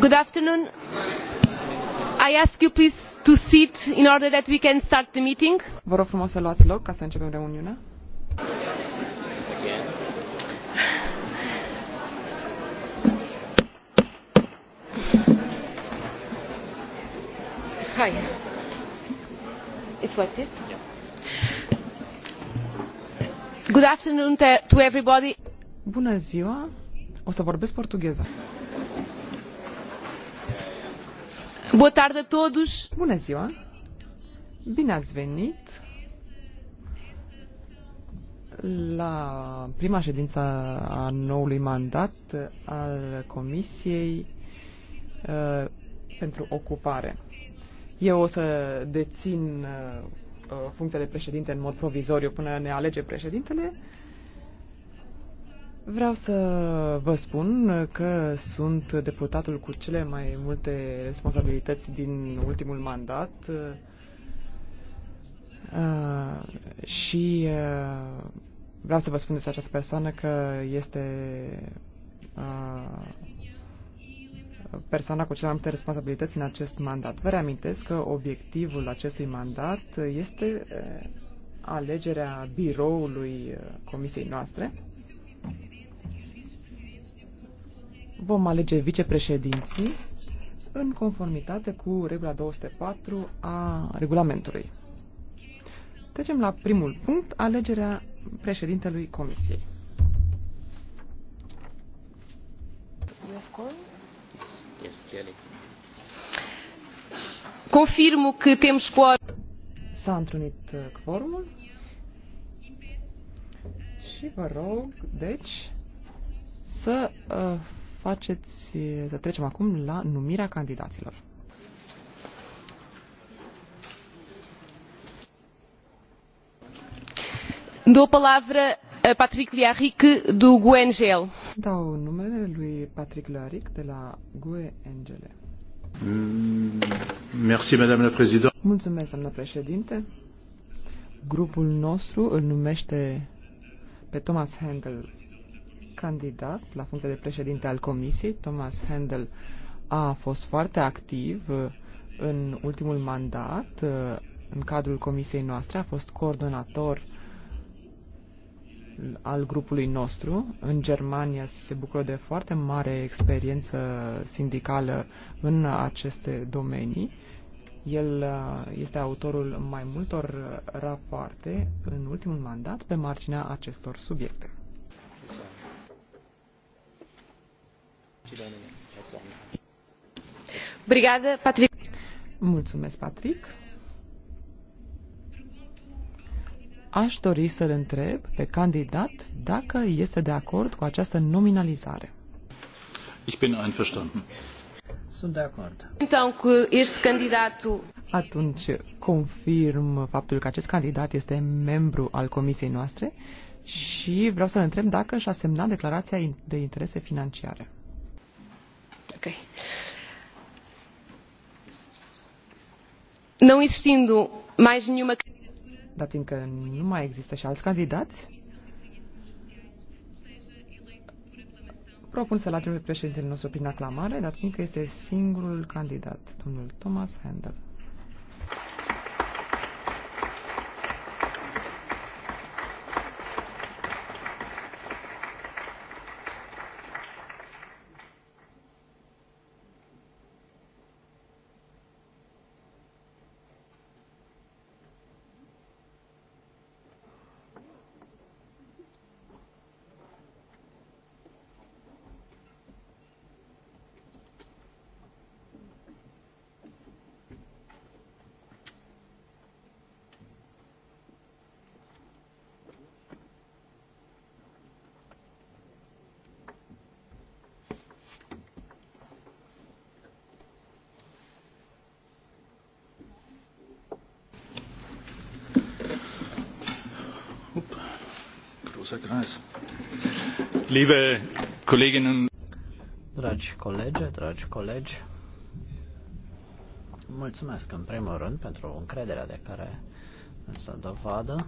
Good afternoon. I ask you please to sit in order that we can start the meeting. Vă rog frumos să luați loc ca să începem reuniunea. Hi. It's like this. Good afternoon to everybody. Bună ziua. O să vorbesc portugheză. Boa tarde a todos. Bună ziua. Bine ați venit la prima ședință a noului mandat al Comisiei uh, pentru Ocupare. Eu o să dețin uh, uh funcția de președinte în mod provizoriu până ne alege președintele. Uh, Vreau să vă spun că sunt deputatul cu cele mai multe responsabilități din ultimul mandat uh, și uh, vreau să vă spun despre această persoană că este uh, persoana cu cele mai multe responsabilități în acest mandat. Vă reamintesc că obiectivul acestui mandat este alegerea biroului comisiei noastre vom alege vicepreședinții în conformitate cu regula 204 a regulamentului. Trecem la primul punct, alegerea președintelui Comisiei. Confirm că tem școală. S-a întrunit uh, quorumul și vă rog, deci, să uh, faceți, să trecem acum la numirea candidaților. Dou a palavra a Patrick Liaric do GUE NGL. Dau numele lui Patrick Liaric de la Guengel. Mm, merci, Madame la Présidente. Mulțumesc, doamnă președinte. Grupul nostru îl numește pe Thomas Handel candidat la funcția de președinte al Comisiei, Thomas Handel, a fost foarte activ uh, în ultimul mandat uh, în cadrul Comisiei noastre, a fost coordonator al grupului nostru. În Germania se bucură de foarte mare experiență sindicală în aceste domenii. El uh, este autorul mai multor rapoarte în ultimul mandat pe marginea acestor subiecte. Patrick. Mulțumesc, Patrick. Aș dori să-l întreb pe candidat dacă este de acord cu această nominalizare. Ich bin einverstanden. Sunt de acord. Então, cu este candidatul... Atunci confirm faptul că acest candidat este membru al comisiei noastre și vreau să-l întreb dacă și-a semnat declarația de interese financiare. Okay. Não existindo mais nenhuma Dar fiindcă nu mai există și alți candidați, propun să-l atribui președintele nostru prin aclamare, dar fiindcă este singurul candidat, domnul Thomas Handel. großer Liebe Kolleginnen Dragi colegi, dragi colegi, mulțumesc în primul rând pentru încrederea de care însă dovadă.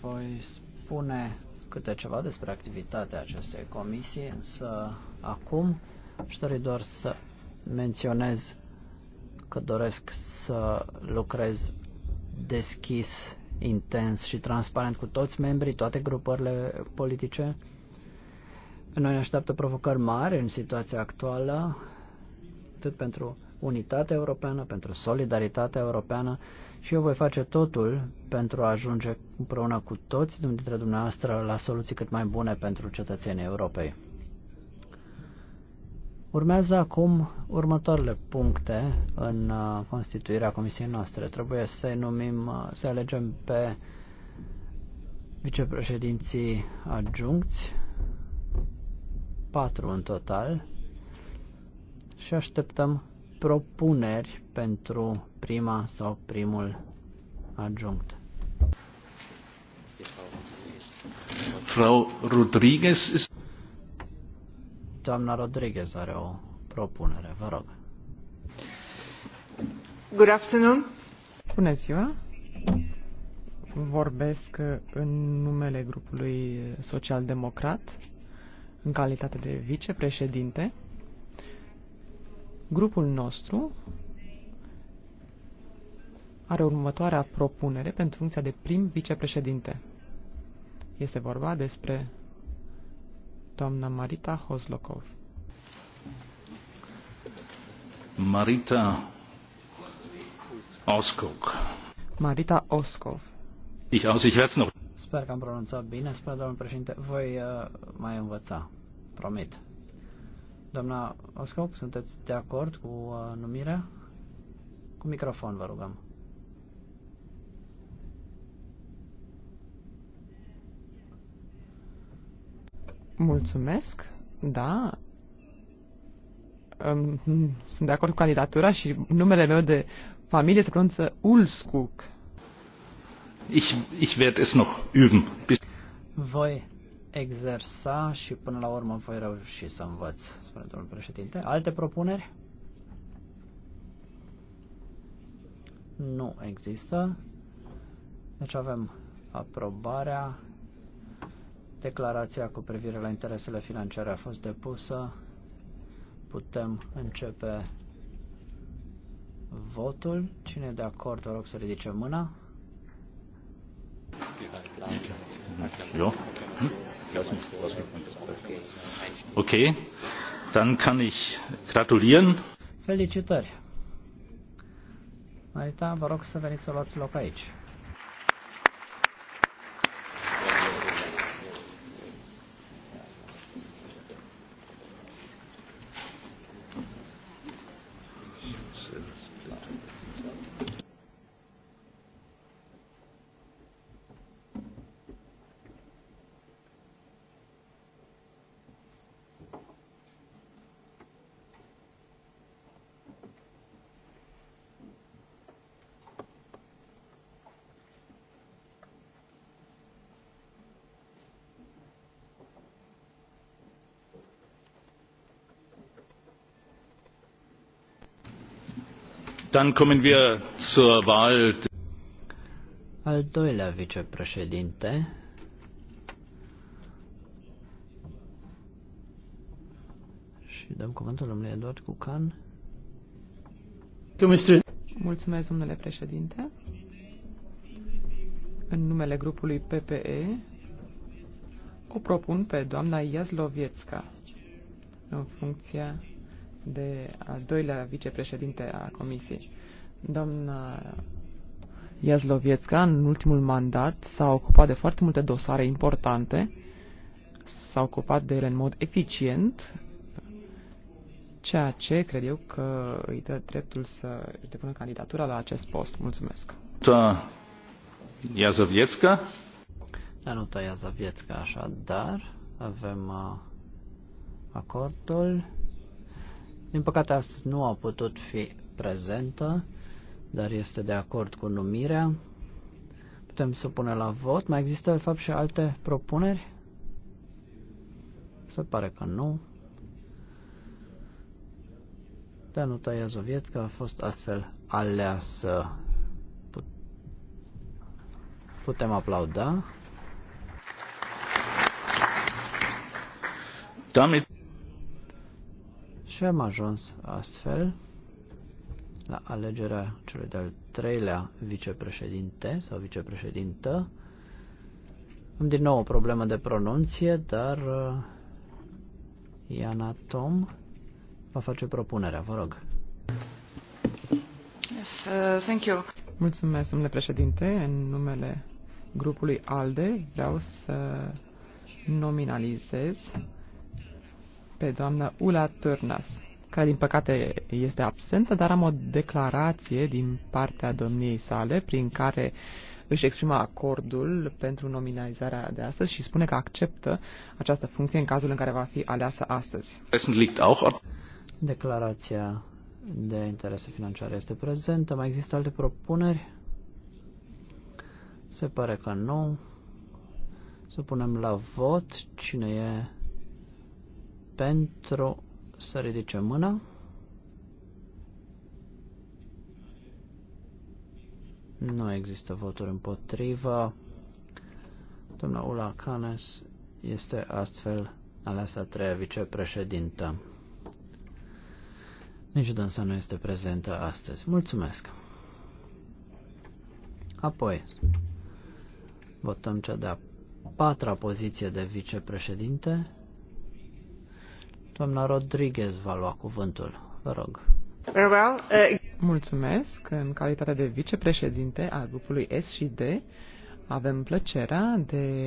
Voi spune câte ceva despre activitatea acestei comisii, însă acum aș dori doar să menționez că doresc să lucrez deschis, intens și transparent cu toți membrii, toate grupările politice. Pe noi ne așteaptă provocări mari în situația actuală, atât pentru unitatea europeană, pentru solidaritatea europeană și eu voi face totul pentru a ajunge împreună cu toți dintre dumneavoastră la soluții cât mai bune pentru cetățenii Europei. Urmează acum următoarele puncte în uh, constituirea comisiei noastre. Trebuie să numim, uh, să alegem pe vicepreședinții adjuncți, patru în total, și așteptăm propuneri pentru prima sau primul adjunct. Frau Rodriguez Doamna Rodriguez are o propunere, vă rog. Good afternoon. Bună ziua. Vorbesc în numele grupului social-democrat în calitate de vicepreședinte. Grupul nostru are următoarea propunere pentru funcția de prim vicepreședinte. Este vorba despre doamna Marita Hozlokov. Marita Oskov. Marita Oskov. Ich aus, ich werde noch. Sper că am pronunțat bine, că domnul președinte. Voi uh, mai învăța, promit. Doamna Oskov, sunteți de acord cu uh, numirea? Cu microfon, vă rugăm. Mulțumesc, da. Hmm, sunt de acord cu candidatura și numele meu de familie se pronunță Ulskuk. Ich, ich werde es noch üben. bis. Voi exersa și până la urmă voi reuși să învăț, spune domnul președinte. Alte propuneri? Nu există. Deci avem aprobarea Declarația cu privire la interesele financiare a fost depusă. Putem începe votul. Cine e de acord, vă rog să ridice mâna. Jo. Ok, dann kann ich gratulieren. Felicitări. Marita, vă rog să veniți să luați loc aici. Dann kommen wir zur Wahl. Al doilea vicepreședinte. Și dăm cuvântul domnului Eduard Cucan. Mulțumesc, domnule președinte. În numele grupului PPE, o propun pe doamna Iazlovietska în funcția de al doilea vicepreședinte a Comisiei. Doamna Iazlovietska, în ultimul mandat, s-a ocupat de foarte multe dosare importante, s-a ocupat de ele în mod eficient, ceea ce cred eu că îi dă dreptul să își depună candidatura la acest post. Mulțumesc. Da. Iazovietska? Da, nu ta Iazovietska, așadar avem uh, acordul. Din păcate, astăzi nu a putut fi prezentă, dar este de acord cu numirea. Putem să pune la vot. Mai există, de fapt, și alte propuneri? Se pare că nu. Danuta Iazovietca a fost astfel aleasă. Putem aplauda. Doamne, și am ajuns astfel la alegerea celui de-al treilea vicepreședinte sau vicepreședintă. Am din nou o problemă de pronunție, dar uh, Iana Tom va face propunerea. Vă rog. Yes, uh, thank you. Mulțumesc, domnule președinte. În numele grupului ALDE vreau să nominalizez pe doamna Ula Turnas, care din păcate este absentă, dar am o declarație din partea domniei sale prin care își exprimă acordul pentru nominalizarea de astăzi și spune că acceptă această funcție în cazul în care va fi aleasă astăzi. Declarația de interese financiare este prezentă. Mai există alte propuneri? Se pare că nu. Să punem la vot cine e pentru să ridice mâna. Nu există voturi împotrivă. Doamna Ula Canes este astfel aleasă a treia vicepreședintă. Nici dânsa nu este prezentă astăzi. Mulțumesc! Apoi, votăm cea de-a patra poziție de vicepreședinte, Doamna Rodriguez va lua cuvântul. Vă rog. Uh, Mulțumesc. În calitate de vicepreședinte al grupului S și D, avem plăcerea de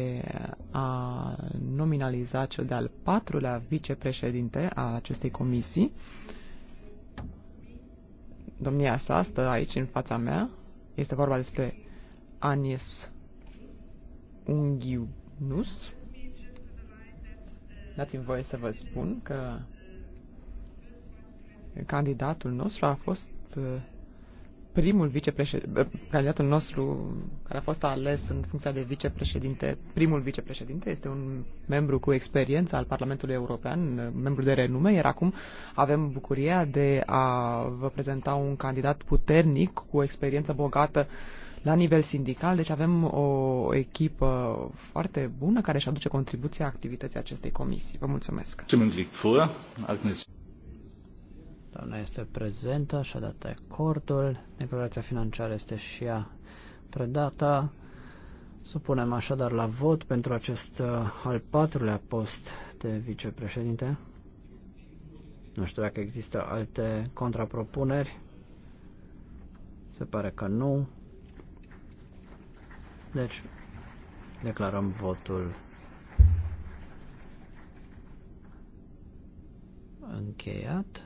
a nominaliza cel de-al patrulea vicepreședinte al acestei comisii. Domnia sa stă aici, în fața mea. Este vorba despre Anies Unghiunus. Dați-mi voie să vă spun că candidatul nostru a fost uh, primul vicepreședinte, uh, candidatul nostru care a fost ales în funcția de vicepreședinte, primul vicepreședinte, este un membru cu experiență al Parlamentului European, uh, membru de renume, iar acum avem bucuria de a vă prezenta un candidat puternic cu experiență bogată uh, la nivel sindical. Deci avem o echipă foarte bună care își aduce contribuția activității acestei comisii. Vă mulțumesc! Doamna este prezentă și-a dat acordul. Declarația financiară este și ea predată. Supunem așadar la vot pentru acest uh, al patrulea post de vicepreședinte. Nu știu dacă există alte contrapropuneri. Se pare că nu. Deci, declarăm votul încheiat.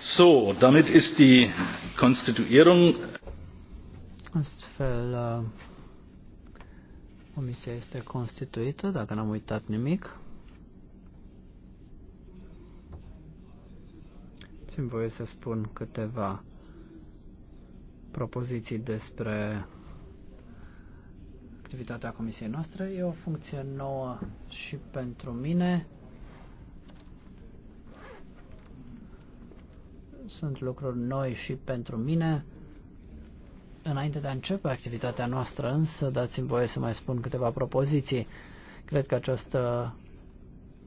So, damit ist die Konstituierung. Astfel, uh, Comisia este constituită, dacă n-am uitat nimic. Țin voie să spun câteva propoziții despre activitatea comisiei noastre. E o funcție nouă și pentru mine. Sunt lucruri noi și pentru mine. Înainte de a începe activitatea noastră, însă, dați-mi voie să mai spun câteva propoziții. Cred că această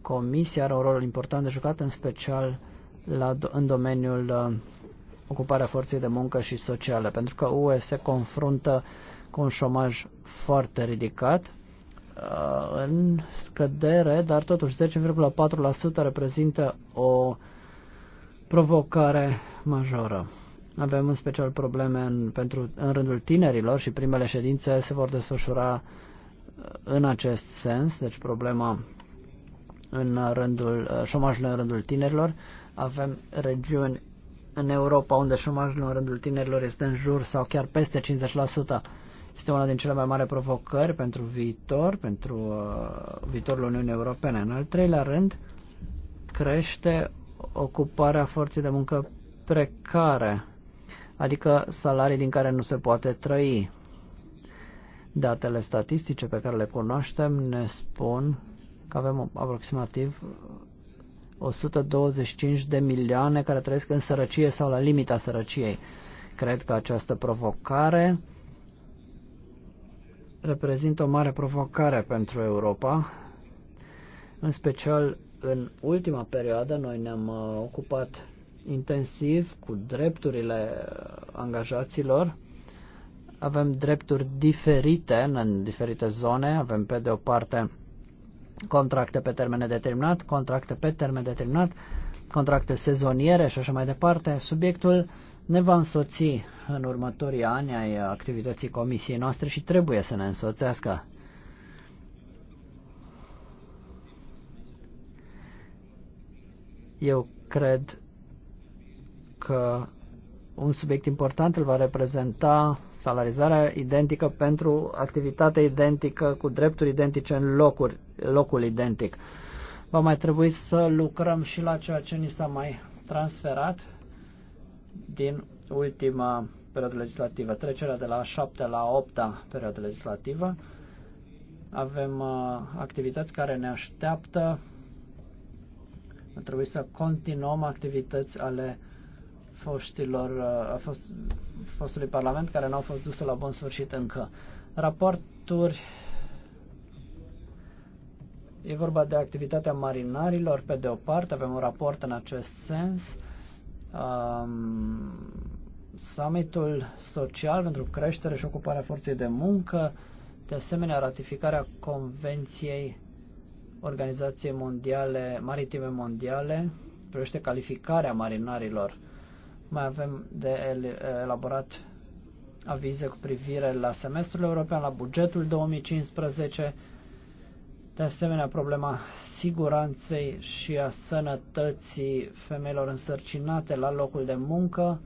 comisie are un rol important de jucat, în special la, în domeniul uh, ocuparea forței de muncă și socială, pentru că UE se confruntă cu un șomaj foarte ridicat, uh, în scădere, dar totuși 10,4% reprezintă o provocare majoră. Avem în special probleme în, pentru, în rândul tinerilor și primele ședințe se vor desfășura uh, în acest sens, deci problema în rândul uh, șomajului în rândul tinerilor. Avem regiuni în Europa unde șomajul în rândul tinerilor este în jur sau chiar peste 50%. Este una din cele mai mari provocări pentru viitor, pentru uh, viitorul Uniunii Europene. În al treilea rând, crește ocuparea forței de muncă precare adică salarii din care nu se poate trăi. Datele statistice pe care le cunoaștem ne spun că avem aproximativ 125 de milioane care trăiesc în sărăcie sau la limita sărăciei. Cred că această provocare reprezintă o mare provocare pentru Europa, în special în ultima perioadă noi ne-am uh, ocupat intensiv cu drepturile angajaților. Avem drepturi diferite în diferite zone. Avem pe de o parte contracte pe termen determinat contracte pe termen determinat, contracte sezoniere și așa mai departe. Subiectul ne va însoți în următorii ani ai activității comisiei noastre și trebuie să ne însoțească. Eu cred că un subiect important îl va reprezenta salarizarea identică pentru activitate identică cu drepturi identice în locuri, locul identic. Va mai trebui să lucrăm și la ceea ce ni s-a mai transferat din ultima perioadă legislativă, trecerea de la 7 la 8 perioadă legislativă. Avem uh, activități care ne așteaptă. Trebuie să continuăm activități ale uh, foștilor, uh, a fost, fostului Parlament care n-au fost duse la bun sfârșit încă. Raporturi E vorba de activitatea marinarilor, pe de o parte, avem un raport în acest sens. Um, summitul social pentru creștere și ocuparea forței de muncă, de asemenea ratificarea Convenției Organizației Mondiale, Maritime Mondiale, privește calificarea marinarilor. Mai avem de elaborat avize cu privire la semestrul european, la bugetul 2015, de asemenea problema siguranței și a sănătății femeilor însărcinate la locul de muncă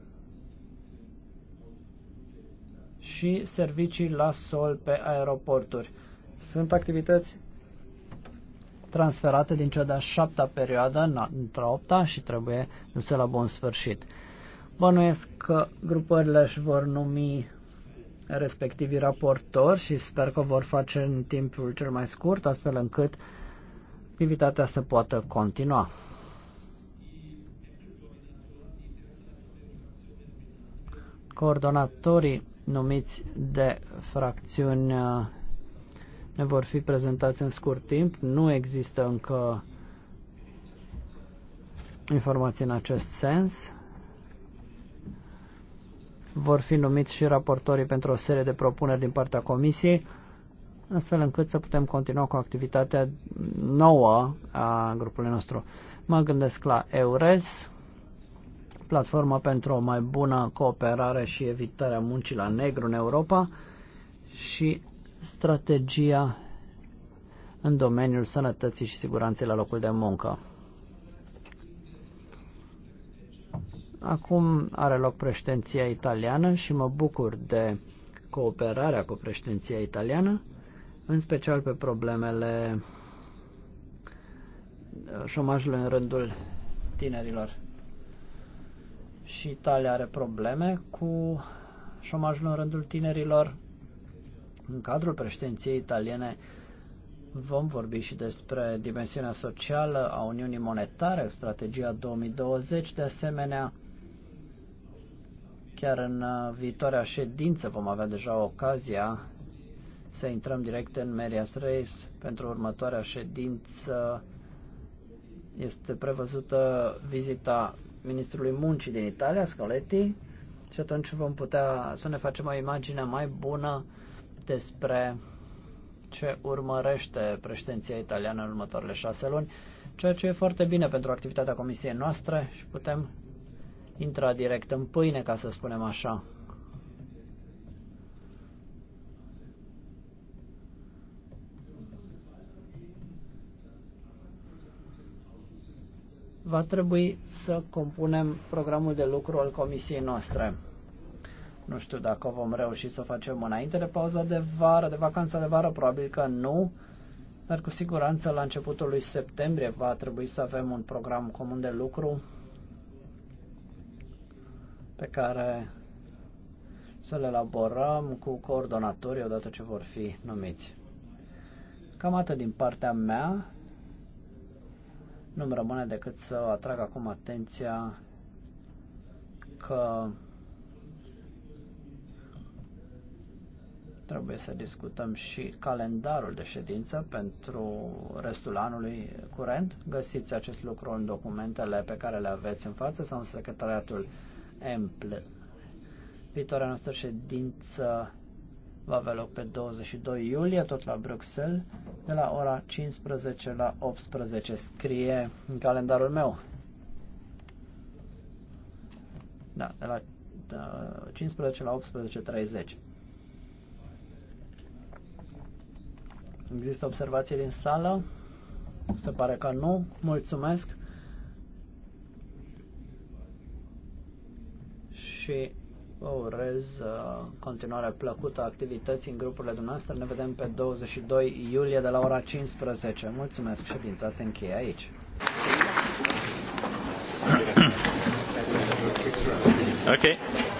și servicii la sol pe aeroporturi. Sunt activități transferate din cea de-a șaptea perioadă într-a opta și trebuie duse la bun sfârșit. Bănuiesc că grupările își vor numi respectivii raportori și sper că vor face în timpul cel mai scurt, astfel încât activitatea să poată continua. Coordonatorii numiți de fracțiuni uh, ne vor fi prezentați în scurt timp. Nu există încă informații în acest sens vor fi numiți și raportorii pentru o serie de propuneri din partea Comisiei, astfel încât să putem continua cu activitatea nouă a grupului nostru. Mă gândesc la EURES, platforma pentru o mai bună cooperare și evitarea muncii la negru în Europa și strategia în domeniul sănătății și siguranței la locul de muncă. Acum are loc președinția italiană și mă bucur de cooperarea cu președinția italiană, în special pe problemele uh, șomajului în rândul tinerilor. Și Italia are probleme cu șomajul în rândul tinerilor. În cadrul președinției italiene vom vorbi și despre dimensiunea socială a Uniunii Monetare, strategia 2020, de asemenea Chiar în uh, viitoarea ședință vom avea deja ocazia să intrăm direct în Merias Reis pentru următoarea ședință. Este prevăzută vizita ministrului muncii din Italia, Scoletti, și atunci vom putea să ne facem o imagine mai bună despre ce urmărește președinția italiană în următoarele șase luni, ceea ce e foarte bine pentru activitatea comisiei noastre și putem intra direct în pâine, ca să spunem așa. va trebui să compunem programul de lucru al comisiei noastre. Nu știu dacă vom reuși să o facem înainte de pauza de vară, de vacanța de vară, probabil că nu, dar cu siguranță la începutul lui septembrie va trebui să avem un program comun de lucru pe care să le elaborăm cu coordonatorii odată ce vor fi numiți. Cam atât din partea mea. Nu-mi rămâne decât să atrag acum atenția că trebuie să discutăm și calendarul de ședință pentru restul anului curent. Găsiți acest lucru în documentele pe care le aveți în față sau în secretariatul Emple. Viitoarea noastră ședință va avea loc pe 22 iulie, tot la Bruxelles, de la ora 15 la 18. Scrie în calendarul meu. Da, de la 15 da, la 18.30. Există observații din sală? Se pare că nu. Mulțumesc! și vă urez uh, continuarea plăcută activității în grupurile dumneavoastră. Ne vedem pe 22 iulie de la ora 15. Mulțumesc, ședința se încheie aici. Okay.